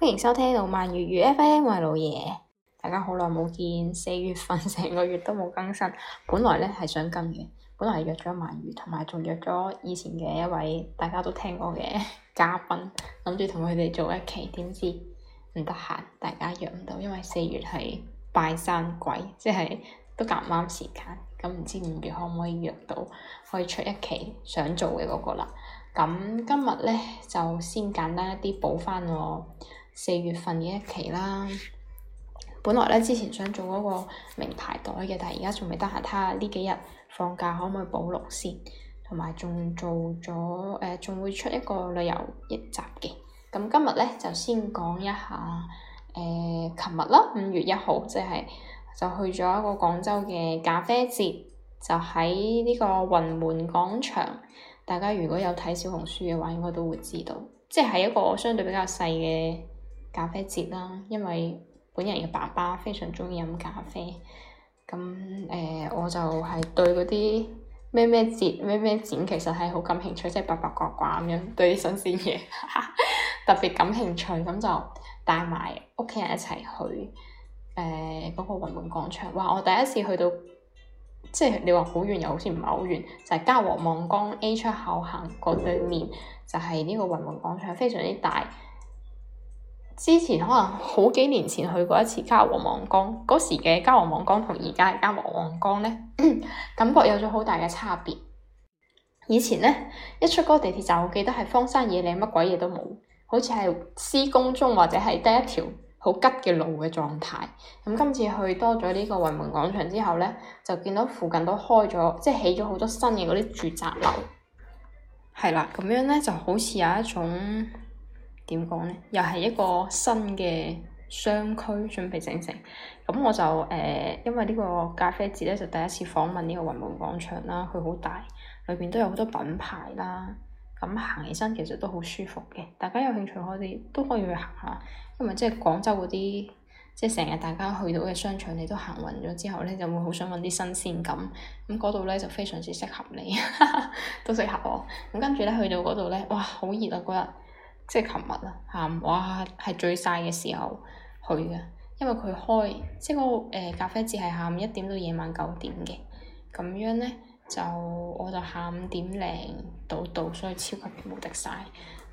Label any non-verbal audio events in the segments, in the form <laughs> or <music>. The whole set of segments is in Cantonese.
歡迎收聽到萬月語 F M，我係老爺。大家好耐冇見，四月份成個月都冇更新。本來咧係想更嘅，本來係約咗萬月，同埋仲約咗以前嘅一位大家都聽過嘅嘉賓，諗住同佢哋做一期，點知唔得閒，大家約唔到，因為四月係拜山季，即係都夾唔啱時間。咁唔知五月可唔可以約到，可以出一期想做嘅嗰個啦。咁今日咧就先簡單一啲補翻。我。四月份嘅一期啦，本來咧之前想做嗰個名牌袋嘅，但係而家仲未得閒，睇下呢幾日放假可唔可以補錄先，同埋仲做咗誒，仲、呃、會出一個旅遊一集嘅。咁、嗯、今日咧就先講一下誒，琴、呃、日啦，五月一號即係就去咗一個廣州嘅咖啡節，就喺呢個雲門廣場。大家如果有睇小紅書嘅話，應該都會知道，即、就、係、是、一個相對比較細嘅。咖啡節啦，因為本人嘅爸爸非常鍾意飲咖啡，咁誒我就係對嗰啲咩咩節咩咩展其實係好感興趣，即係八八卦卦咁樣對啲新鮮嘢特別感興趣，咁就帶埋屋企人一齊去誒嗰個雲門廣場。哇！我第一次去到，即係你話好遠又好似唔係好遠，就係嘉禾望崗 A 出口行過對面就係呢個雲門廣場，非常之大。之前可能好幾年前去過一次嘉禾望崗，嗰時嘅嘉禾望崗同而家嘅嘉禾望崗咧， <laughs> 感覺有咗好大嘅差別。以前咧，一出嗰個地鐵站，我記得係荒山野嶺，乜鬼嘢都冇，好似係施工中，或者係得一條好吉嘅路嘅狀態。咁今次去多咗呢個雲門廣場之後咧，就見到附近都開咗，即係起咗好多新嘅嗰啲住宅樓。係啦，咁樣咧就好似有一種。點講咧？又係一個新嘅商區準備整成，咁我就誒、呃，因為呢個咖啡節咧就第一次訪問呢個雲門廣場啦，佢好大，裏邊都有好多品牌啦，咁行起身其實都好舒服嘅。大家有興趣可以都可以去行下，因為即係廣州嗰啲，即係成日大家去到嘅商場，你都行勻咗之後呢，就會好想揾啲新鮮感。咁嗰度呢，就非常之適合你， <laughs> 都適合我。咁跟住呢，去到嗰度呢，哇！好熱啊嗰日。即係琴日啦，下午哇係最曬嘅時候去嘅。因為佢開即係嗰、那個、呃、咖啡節係下午一點到夜晚九點嘅，咁樣咧就我就下午點零到到，所以超級冇得曬。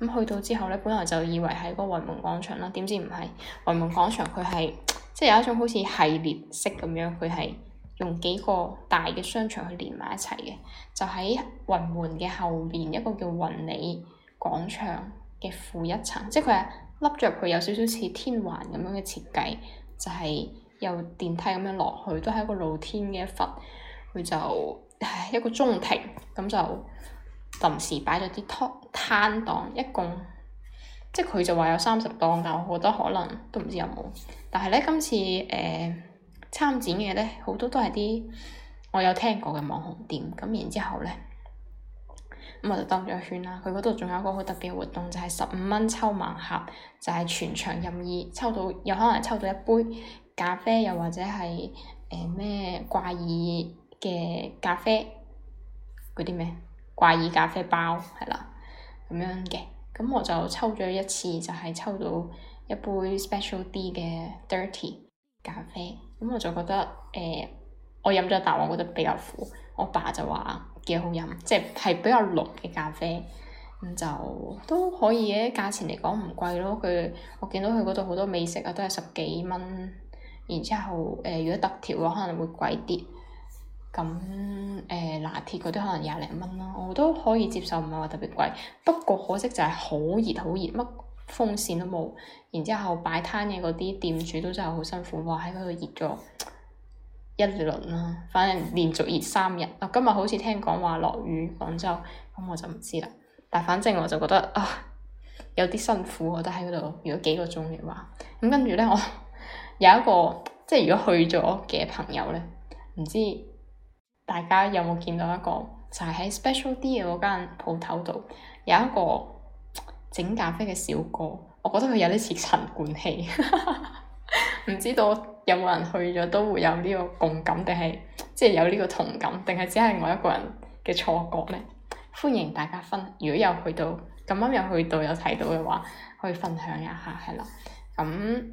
咁、嗯、去到之後咧，本來就以為係個雲門廣場啦，點知唔係雲門廣場，佢係即係有一種好似系列式咁樣，佢係用幾個大嘅商場去連埋一齊嘅，就喺雲門嘅後邊一個叫雲里廣場。嘅負一層，即係佢係凹着，佢有少少似天環咁樣嘅設計，就係、是、有電梯咁樣落去，都係一個露天嘅一塊，佢就唉一個中庭，咁就臨時擺咗啲攤攤檔，一共即係佢就話有三十檔，但我覺得可能都唔知有冇。但係咧今次誒、呃、參展嘅咧好多都係啲我有聽過嘅網紅店，咁然之後咧。咁我就兜咗一圈啦，佢嗰度仲有一個好特別嘅活動，就係十五蚊抽盲盒，就係全場任意抽到，有可能抽到一杯咖啡，又或者係誒咩怪異嘅咖啡嗰啲咩怪異咖啡包，係啦，咁樣嘅。咁我就抽咗一次，就係抽到一杯 special D 嘅 dirty 咖啡，咁我就覺得誒，我飲咗啖，我覺得比較苦。我爸就話。幾好飲，即係比較濃嘅咖啡，咁就都可以嘅。價錢嚟講唔貴咯。佢我見到佢嗰度好多美食啊，都係十幾蚊。然之後，誒、呃、如果特調嘅話，可能會貴啲。咁誒、呃、拿鐵嗰啲可能廿零蚊咯，我都可以接受，唔係話特別貴。不過可惜就係好熱，好熱，乜風扇都冇。然之後擺攤嘅嗰啲店主都真係好辛苦喎，喺嗰度熱咗一輪啦，反正連續熱三日。啊，今日好似聽講話落雨廣州，咁、嗯、我就唔知啦。但反正我就覺得啊，有啲辛苦，我都喺嗰度，如果幾個鐘嘅話，咁、嗯、跟住咧，我有一個即係如果去咗嘅朋友咧，唔知大家有冇見到一個就係、是、喺 special 啲嘅嗰間鋪頭度有一個整咖啡嘅小哥，我覺得佢有啲似陳冠希。 <laughs> 唔知道有冇人去咗都會有呢個共感，定係即係有呢個同感，定係只係我一個人嘅錯覺咧？歡迎大家分，如果有去到咁啱有去到有睇到嘅話，可以分享一下，係啦。咁、嗯、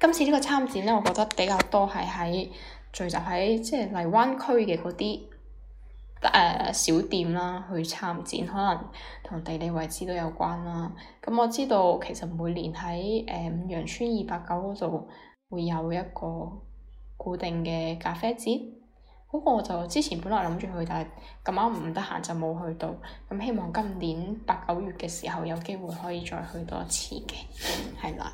今次個參呢個參展咧，我覺得比較多係喺聚集喺即係荔灣區嘅嗰啲誒小店啦，去參展，可能同地理位置都有關啦。咁、嗯、我知道其實每年喺誒五羊村二百九嗰度。會有一個固定嘅咖啡節，不過我就之前本來諗住去，但係咁啱唔得閒就冇去到。咁希望今年八九月嘅時候有機會可以再去多一次嘅，係 <laughs> 啦。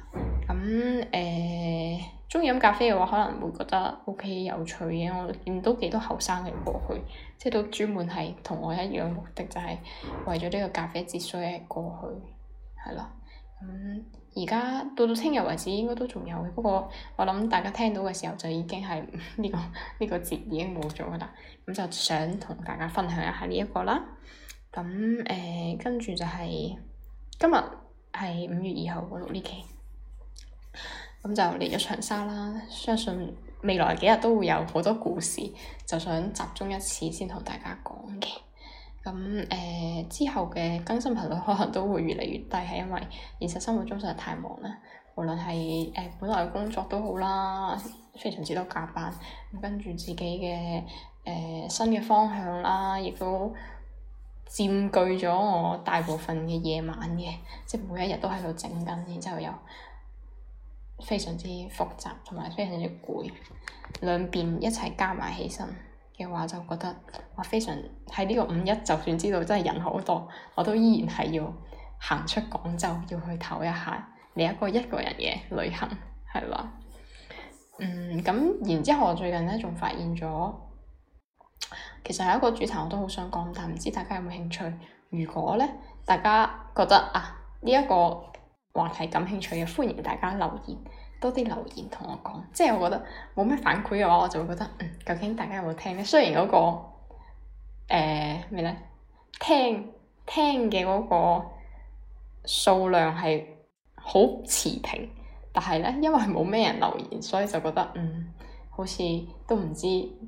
咁誒，中意飲咖啡嘅話，可能會覺得 ok 有趣嘅。我見到幾多後生嘅過去，即係都專門係同我一樣的目的，就係、是、為咗呢個咖啡節所以係過去，係啦。咁而家到到聽日為止應該都仲有嘅，不過我諗大家聽到嘅時候就已經係呢個呢個節已經冇咗噶啦。咁就想同大家分享一下呢一個啦。咁誒跟住就係、是、今日係五月二號嗰六呢期，咁就嚟咗長沙啦。相信未來幾日都會有好多故事，就想集中一次先同大家講嘅。Okay. 咁誒、呃、之後嘅更新頻率可能都會越嚟越低，係因為現實生活中實在太忙啦。無論係誒、呃、本來嘅工作都好啦，非常之多加班，跟住自己嘅誒、呃、新嘅方向啦，亦都佔據咗我大部分嘅夜晚嘅，即係每一日都喺度整緊，然之後又非常之複雜，同埋非常之攰，兩邊一齊加埋起身。嘅話就覺得我非常喺呢個五一，就算知道真係人好多，我都依然係要行出廣州，要去唞一下，嚟一個一個人嘅旅行係咯。嗯，咁然之後我最近咧仲發現咗，其實係一個主題我都好想講，但唔知大家有冇興趣？如果咧大家覺得啊呢一個話題感興趣嘅，歡迎大家留言。多啲留言同我講，即係我覺得冇咩反饋嘅話，我就會覺得嗯，究竟大家有冇聽呢？雖然嗰個誒咩咧，聽聽嘅嗰個數量係好持平，但係咧，因為冇咩人留言，所以就覺得嗯，好似都唔知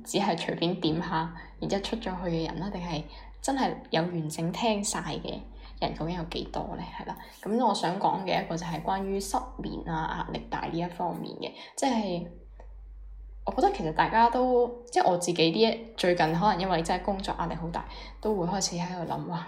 只係隨便點下，然之後出咗去嘅人啦，定係真係有完整聽晒嘅？人究竟有幾多呢？係啦，咁我想講嘅一個就係關於失眠啊、壓力大呢一方面嘅，即係我覺得其實大家都，即係我自己啲最近可能因為真係工作壓力好大，都會開始喺度諗話，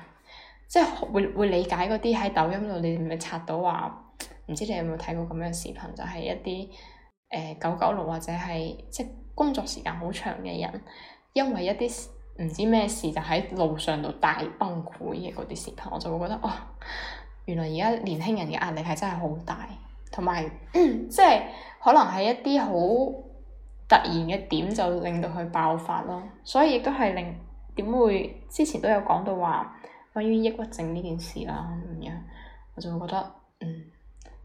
即係會會理解嗰啲喺抖音度你咪刷到話，唔知你有冇睇過咁樣嘅視頻，就係一啲誒九九六或者係即係工作時間好長嘅人，因為一啲。唔知咩事就喺、是、路上度大崩潰嘅嗰啲視頻，我就會覺得，哦，原來而家年輕人嘅壓力係真係好大，同埋、嗯、即係可能係一啲好突然嘅點就令到佢爆發咯。所以亦都係令點會之前都有講到話關於抑鬱症呢件事啦咁樣，我就會覺得，嗯，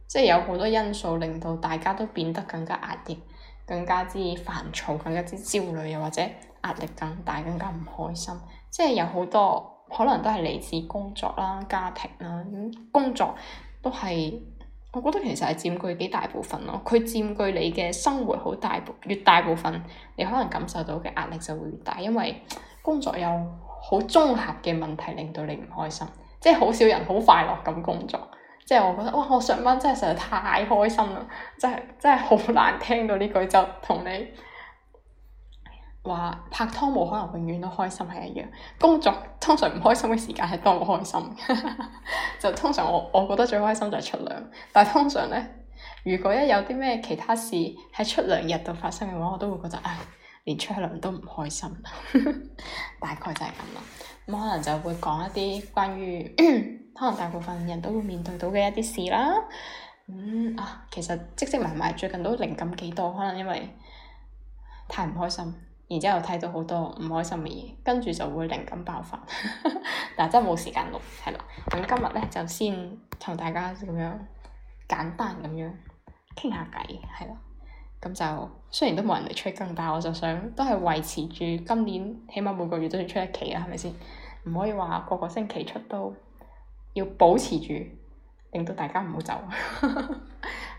即係有好多因素令到大家都變得更加壓抑、更加之煩躁、更加之焦慮又或者。壓力更大，更加唔開心，即係有好多可能都係嚟自工作啦、家庭啦。咁工作都係，我覺得其實係佔據幾大部分咯。佢佔據你嘅生活好大部，越大部分你可能感受到嘅壓力就會越大，因為工作有好綜合嘅問題令到你唔開心。即係好少人好快樂咁工作。即係我覺得哇，我上班真係實在太開心啦！真係真係好難聽到呢句就同你。話拍拖冇可能永遠都開心係一樣，工作通常唔開心嘅時間係多過開心， <laughs> 就通常我我覺得最開心就係出糧，但係通常咧，如果一有啲咩其他事喺出糧日度發生嘅話，我都會覺得唉，連出糧都唔開心， <laughs> 大概就係咁啦。咁，嗯，可能就會講一啲關於 <coughs> 可能大部分人都會面對到嘅一啲事啦。嗯啊，其實積積埋埋埋最近都靈感幾多，可能因為太唔開心。然之後睇到好多唔開心嘅嘢，跟住就會靈感爆發， <laughs> 但真係冇時間錄，係啦。咁今日咧就先同大家咁樣簡單咁樣傾下偈，係啦。咁就雖然都冇人嚟出更，但係我就想都係維持住今年，起碼每個月都要出一期啦，係咪先？唔可以話個個星期出都要保持住，令到大家唔好走，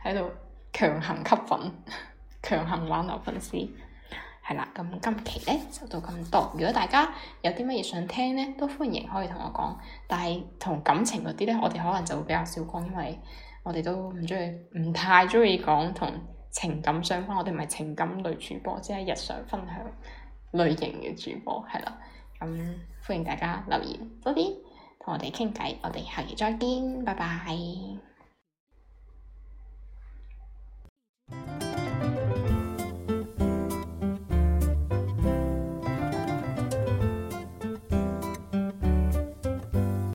喺度強行吸粉、強行挽留粉絲。係啦，咁今期咧就到咁多，如果大家有啲乜嘢想聽咧，都歡迎可以同我講。但係同感情嗰啲咧，我哋可能就會比較少講，因為我哋都唔中意，唔太中意講同情感相關。我哋唔係情感類主播，只係日常分享類型嘅主播，係啦。咁歡迎大家留言多啲同我哋傾偈，我哋下期再見，拜拜。